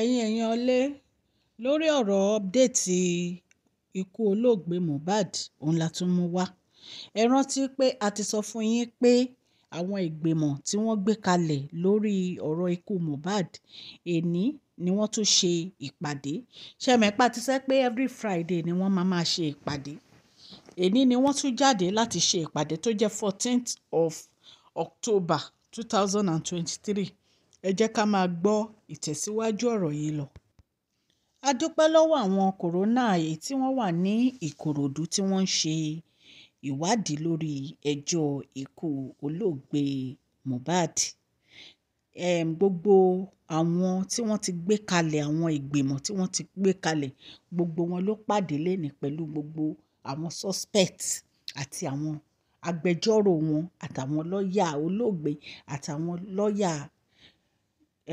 Ẹ̀yin èèyàn ilé, lórí ọ̀rọ̀ update ikú olóògbé Mohbad, òun la tún mú wá. Ẹ rántí pé a ti sọ fún yín pé àwọn ìgbìmọ̀ tí wọ́n gbé kalẹ̀ lórí ọ̀rọ̀ ikú Mohbad, èní ni wọ́n tún ṣe ìpàdé. Ṣé ẹ̀ mọ̀ ti sọ pé every Friday ni wọ́n máa máa ṣe ìpàdé? Èní ni wọ́n tún jáde láti ṣe ìpàdé tó jẹ́ fourteenth of October two thousand and twenty-three. Ẹ jẹ́ ká máa gbọ́ ìtẹ̀síwájú ọ̀rọ̀ yìí lọ a dúpẹ́ lọ́wọ́ àwọn kòrónà èyí tí wọ́n wà ní ìkòròdú tí wọ́n ń ṣe ìwádìí lórí ẹjọ́ ikú olóògbé Mohbad um gbogbo àwọn tí wọ́n ti gbé kalẹ̀ àwọn ìgbìmọ̀ tí wọ́n ti gbé kalẹ̀ gbogbo wọn ló pàdé lẹ́nìí pẹ̀lú gbogbo àwọn suspect àti àwọn agbẹjọ́rò wọn àtàwọn lọ́ọ̀yà olóògbé àtàwọn lọ́ọ̀yà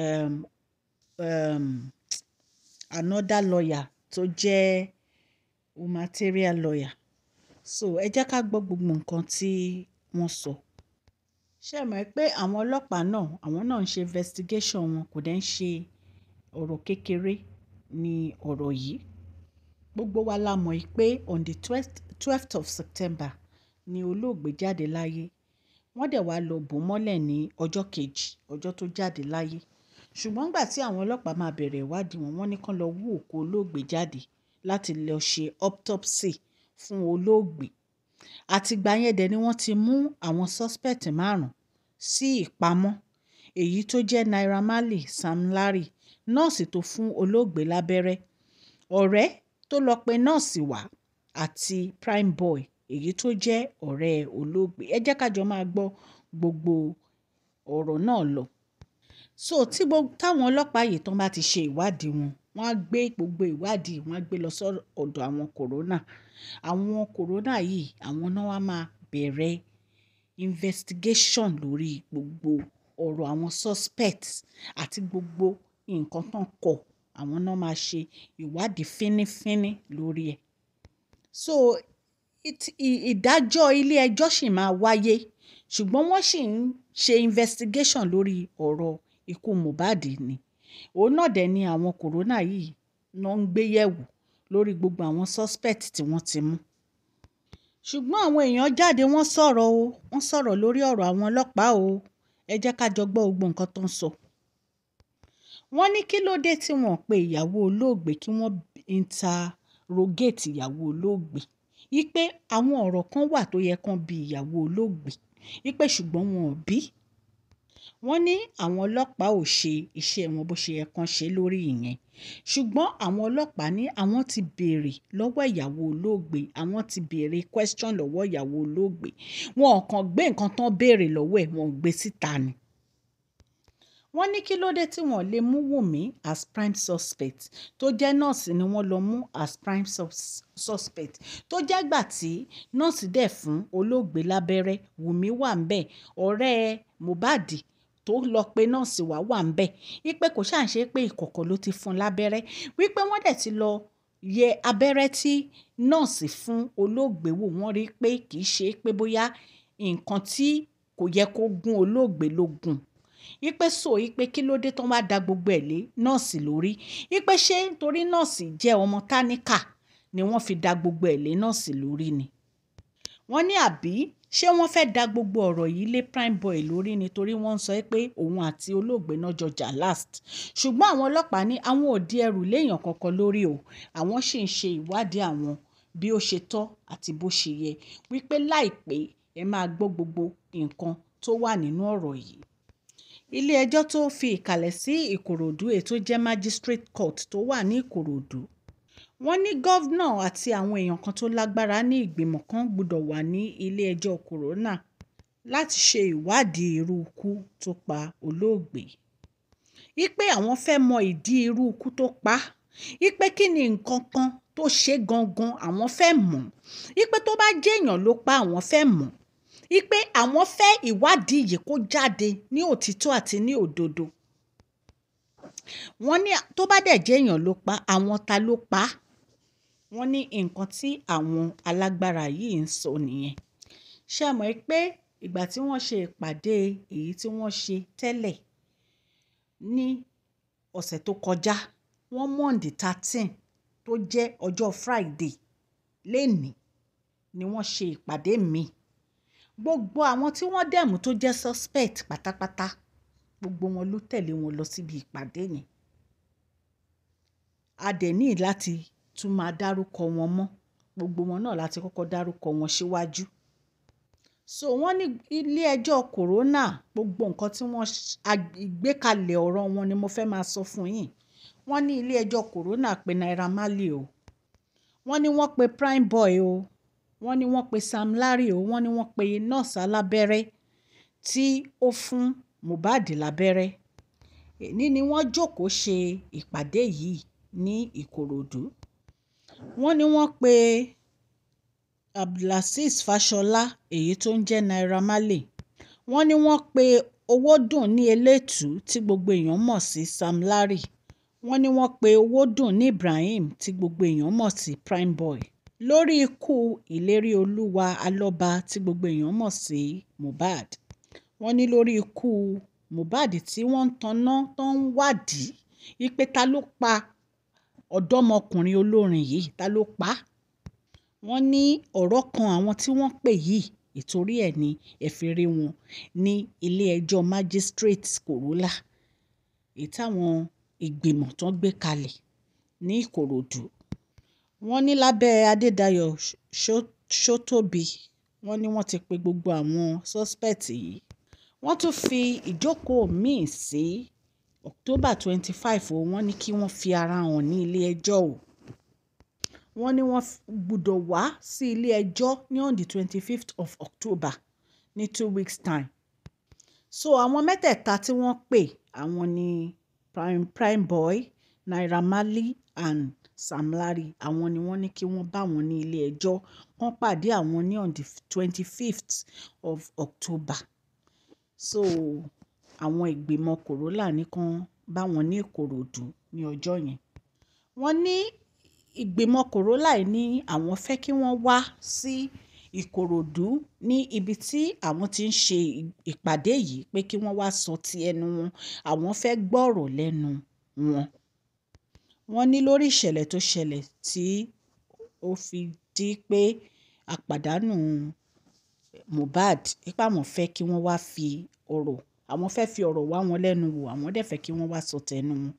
um um, another lawyer tó jẹ́ material lawyer so ẹ jẹ́ ká gbọ́ gbogbo nǹkan tí wọ́n sọ. ṣé ẹ mọ̀ pé àwọn ọlọ́pàá náà àwọn náà ń ṣe investigation wọn kò dẹ̀ ń ṣe ọ̀rọ̀ kékeré ní ọ̀rọ̀ yìí gbogbo wa la mọ̀ pé on the twelfth of September ni olóògbé jáde láyé wọ́n dẹ̀ wá lọ bò mọ́lẹ̀ ní ọjọ́ kejì ọjọ́ tó jáde láyé ṣùgbọ́n nígbà tí àwọn ọlọ́pàá máa bẹ̀rẹ̀ ìwádìí wọn wọ́n ní kán lọ́ọ́ wú òkú olóògbé jáde láti lọ́ọ́ ṣe autopsy fún olóògbé àtìgbà yẹn dẹ̀ ni wọ́n ti mú àwọn suspect márùn-ún sí ìpamọ́ èyí tó jẹ́ Naira Marley Sam Larry nọ́ọ̀sì tó fún olóògbé lábẹ́rẹ́ ọ̀rẹ́ tó lọ pe nọ́ọ̀sì wá àti prime boy èyí tó jẹ́ ọ̀rẹ́ olóògbé ẹ jẹ́ ká jọ máa gbọ́ gbogbo ọ̀rọ̀ náà lọ so tí gbogbo táwọn ọlọ́pàá yìí tán bá ti ṣe ìwádìí wọn wọ́n á gbé gbogbo ìwádìí wọ́n á gbé lọ sọ́dọ̀ àwọn kòrónà àwọn kòrónà yìí àwọn náà wá máa bẹ̀rẹ̀ investigation lórí gbogbo ọ̀rọ̀ àwọn suspects àti gbogbo nǹkan tán kọ àwọn náà máa ṣe ìwádìí fínífíní lórí ẹ̀ so ìdájọ́ ilé ẹjọ́ ṣì máa wáyé ṣùgbọ́n wọ́n ṣì ń ṣe investigation lórí ọ̀rọ̀ ikú Mohbad ni òun náà dẹ̀ ni àwọn kòrónà yìí náà ń gbé yẹ̀wò lórí gbogbo àwọn suspect tí wọ́n ti mú ṣùgbọ́n àwọn èèyàn jáde wọ́n sọ̀rọ̀ o wọ́n sọ̀rọ̀ lórí ọ̀rọ̀ àwọn ọlọ́pàá o ẹ jẹ́ ká jọ gbọ́ gbogbo nǹkan tó ń sọ wọ́n ní kí ló dé tí wọ́n pe ìyàwó olóògbé kí wọ́n interrogate ìyàwó olóògbé wípé àwọn ọ̀rọ̀ kan wà tó yẹ kán bi ìyàwó olóògbé wípé ṣùgbọ́n wọn ò bí wọ́n ní àwọn ọlọ́pàá ò ṣe iṣẹ́ wọn bó ṣe yẹ kán ṣe lórí ìyẹn ṣùgbọ́n àwọn ọlọ́pàá ní àwọn ti béèrè lọ́wọ́ ìyàwó olóògbé àwọn ti béèrè question lọ́wọ́ ìyàwó olóògbé wọn ò kàn gbé nǹkan tán béèrè lọ́wọ́ ẹ̀ wọn ò gbé síta ni wọ́n ní kí ló dé tí wọ́n lè mú Wùmí as prime suspect tó jẹ́ nọ́ọ̀sì ni wọ́n lọ mú as prime sus suspect tó jẹ́ gbà tí nọ́ọ̀sì dẹ̀ fún olóògbé lábẹ́rẹ́ Wùmí wà ń bẹ̀ ọ̀rẹ́ Mohbad tó lọ pé nọ́ọ̀sì wá wà ń bẹ̀ wípé kò ṣáà ṣe pé ìkọ̀kọ̀ ló ti fún lábẹ́rẹ́ wípé wọ́n dẹ̀ ti lọ yẹ abẹ́rẹ́ tí nọ́ọ̀sì fún olóògbé wò wọ́n rí pé kì í ṣe pé bóyá nǹkan tí kò yẹ kó gún olóògbé ló gún ipe so ipe kí ló dé tó wá da gbogbo ẹ̀ lé nọ́ọ̀sì lórí ipe ṣé nítorí nọ́ọ̀sì jẹ́ ọmọ táníkà ni wọ́n fi da gbogbo ẹ̀ lé nọ́ọ̀sì lórí ni wọ́n ní àbí ṣé wọ́n fẹ́ da gbogbo ọ̀rọ̀ yìí lé boy lórí nítorí wọ́n ń sọ pé òun àti olóògbé náà jọ last ṣùgbọ́n àwọn ọlọ́pàá ní àwọn ò di ẹrù léèyàn kankan lórí o àwọn sì ń ṣe ìwádìí àwọn bí ó ṣe tọ́ àti bó ṣe yẹ wípé láìpẹ́ ẹ máa gbọ́ gbogbo nǹkan tó wà nínú ọ̀rọ̀ yìí ilé ẹjọ́ tó fi ìkàlẹ̀ sí Ìkòròdú ètò jẹ́ magistrate court tó wà ní Ìkòròdú wọ́n ní gómìnà àti àwọn èèyàn kan tó lágbára ní ìgbìmọ̀ kan gbọ́dọ̀ wà ní ilé-ẹjọ́ kòrọ́nà láti ṣe ìwádìí irú ikú tó pa olóògbé ipe àwọn fẹ́ mọ ìdí irú ikú tó pa ipe kí ni nǹkan kan tó ṣe gangan àwọn fẹ́ mọ̀ ipe tó bá jẹ́èyàn ló pa àwọn fẹ́ mọ̀ ipe àwọn fẹ́ ìwádìí yìí kó jáde ní òtítọ́ àti ní òdodo wọ́n ní tó bá dẹ̀ jẹ́èyàn ló pa àwọn ta ló pa á wọ́n ní nǹkan tí àwọn alágbára yìí ń sọ nìyẹn ṣé a mọ̀ pé ìgbà tí wọ́n ṣe ìpàdé èyí tí wọ́n ṣe tẹ́lẹ̀ ní ọ̀sẹ̀ tó kọjá wọ́n Monday thirteen tó jẹ́ ọjọ́ Friday lẹ́nìí ni wọ́n ṣe ìpàdé míì gbogbo àwọn tí wọ́n dẹ̀mú tó jẹ́ suspect pátápátá gbogbo wọn ló tẹ̀lé wọn lọ síbi ìpàdé yẹn a dẹ̀ ní láti tún máa dárúkọ wọn mọ́ gbogbo wọn náà láti kọ́kọ́ dárúkọ wọn síwájú. so wọ́n ní ilé ẹjọ́ kòrónà gbogbo nǹkan tí wọ́n àgbékalẹ̀ ọ̀rọ̀ wọn ni mo fẹ́ máa sọ fún yín wọ́n ní ilé ẹjọ́ kòrónà pé Naira Marley o wọ́n ní wọ́n pe Prime Boy o wọ́n ní wọ́n pe Sam Larry o wọ́n ní wọ́n pe nọ́ọ̀sì alábẹ́rẹ́ tí ó fún Mohbad lábẹ́rẹ́ èní ni wọ́n jókòó ṣe ìpàdé yìí ní Ìkòròdú wọ́n ní wọ́n pe abdulazeez fasọlá èyí tó ń jẹ́ naira marley wọ́n ní wọ́n pe owódùn ní elétùú tí gbogbo èèyàn mọ̀ sí sam larry wọ́n ní wọ́n pe owódùn ní ibrahim tí gbogbo èèyàn mọ̀ sí prime boy lórí ikú ìlérí olúwa alọ́ba tí gbogbo èèyàn mọ̀ sí mohbad wọ́n ní lórí ikú mohbad tí wọ́n ń tanná tó ń wádìí ipe ló pa ọ̀dọ́mọkùnrin olórin yìí ta ló pa á wọ́n ní ọ̀rọ̀ kan àwọn tí wọ́n pè yìí ìtorí ẹ̀ ní ẹ̀fẹ́rẹ́ wọn ní ilé-ẹjọ́ magistrate kòrólà èyí táwọn ìgbìmọ̀ tán gbé kalẹ̀ ní ìkòròdú wọ́n ní lábẹ́ adédayọ̀ sọ́tòbí wọ́n ní wọ́n ti pe gbogbo àwọn suspect yìí wọ́n tún fi ìjókòó míì sí october twenty five o wọ́n ní kí wọ́n fi ara hàn ní ilé-ẹjọ́ o wọ́n ní wọ́n gbọ́dọ̀ wá sí ilé-ẹjọ́ ní on the twenty fifth of october ní two weeks time so àwọn mẹ́tẹ̀ẹ̀ta tí wọ́n pè àwọn ni prime prime boy naira marley and sam larry àwọn ni wọ́n ní kí wọ́n bá wọn ní ilé-ẹjọ́ wọ́n pàdé àwọn ní on the twenty fifth of october so àwọn ìgbìmọ̀ kòrólà nìkan bá wọn ní ìkòròdú ní ọjọ́ yẹn wọ́n ní ìgbìmọ̀ kòrólà yìí ní àwọn fẹ́ kí wọ́n wá sí ìkòròdú ní ibi tí àwọn ti ń ṣe ìpàdé yìí pé kí wọ́n wá sọ ti ẹnu wọn àwọn fẹ́ gbọ́rọ̀ lẹ́nu wọn wọ́n ní lórí ìṣẹ̀lẹ̀ tó ṣẹlẹ̀ tí ó fi di pé àpàdánù Mohbad ipa mọ̀ fẹ́ kí wọ́n wá fi ọ̀rọ̀ àwọn fẹ́ fi ọ̀rọ̀ wá wọn lẹ́nu wò àwọn dẹ̀ kí wọ́n wá sọ tẹnu wọn.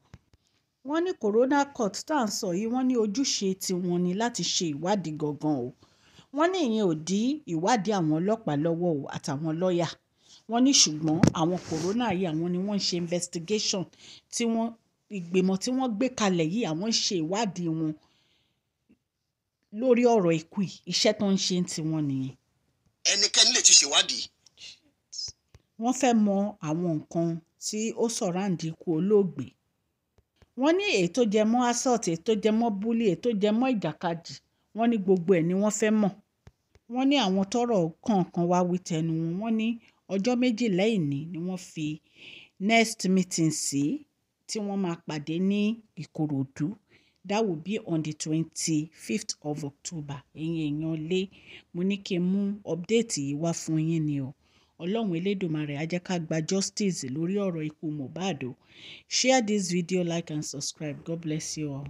wọ́n ní corona court tá à ń sọ yìí wọ́n ní ojúṣe tiwọn ni láti ṣe ìwádìí gangan o wọ́n ní ìyẹn ò dí ìwádìí àwọn ọlọ́pàá lọ́wọ́ o àtàwọn lọ́ọ̀yà wọ́n ní ṣùgbọ́n àwọn corona yìí àwọn ni wọ́n ń ṣe investigation tí wọ́n ìgbìmọ̀ tí wọ́n gbé kalẹ̀ yìí àwọn ń ṣe ìwádìí wọn lórí ọ̀rọ̀ ikú yìí iṣẹ́ tó ń ṣe ń tiwọn nìyẹn. ẹnikẹ́ni lè ti ṣèwádìí wọ́n fẹ́ mọ àwọn nǹkan tí ó sọ̀ráǹdì ikú olóògbé wọ́n ní èyí tó jẹ mọ́ assault èyí tó jẹ mọ́ bully èyí tó jẹ mọ́ ìjàkadì wọ́n ní gbogbo ẹ̀ ni wọ́n fẹ́ mọ̀ wọ́n ní àwọn tọ́rọ̀ kọ̀ọ̀kan wá wí tẹnu wọn wọ́n ní ọjọ́ méjì lẹ́yìn ní ni wọ́n fi next meeting sí tí wọ́n máa pàdé ní ìkòròdú that will be on the twenty fifth of october ẹ̀yin èèyàn lé mo ní kí n mú update yìí wá fún yín ni o. Ọlọ́run Elédùmarè á jẹ́ ká gba justice lórí ọ̀rọ̀ ikú Mohbad o. Share this video, like and subscribe. God bless you all.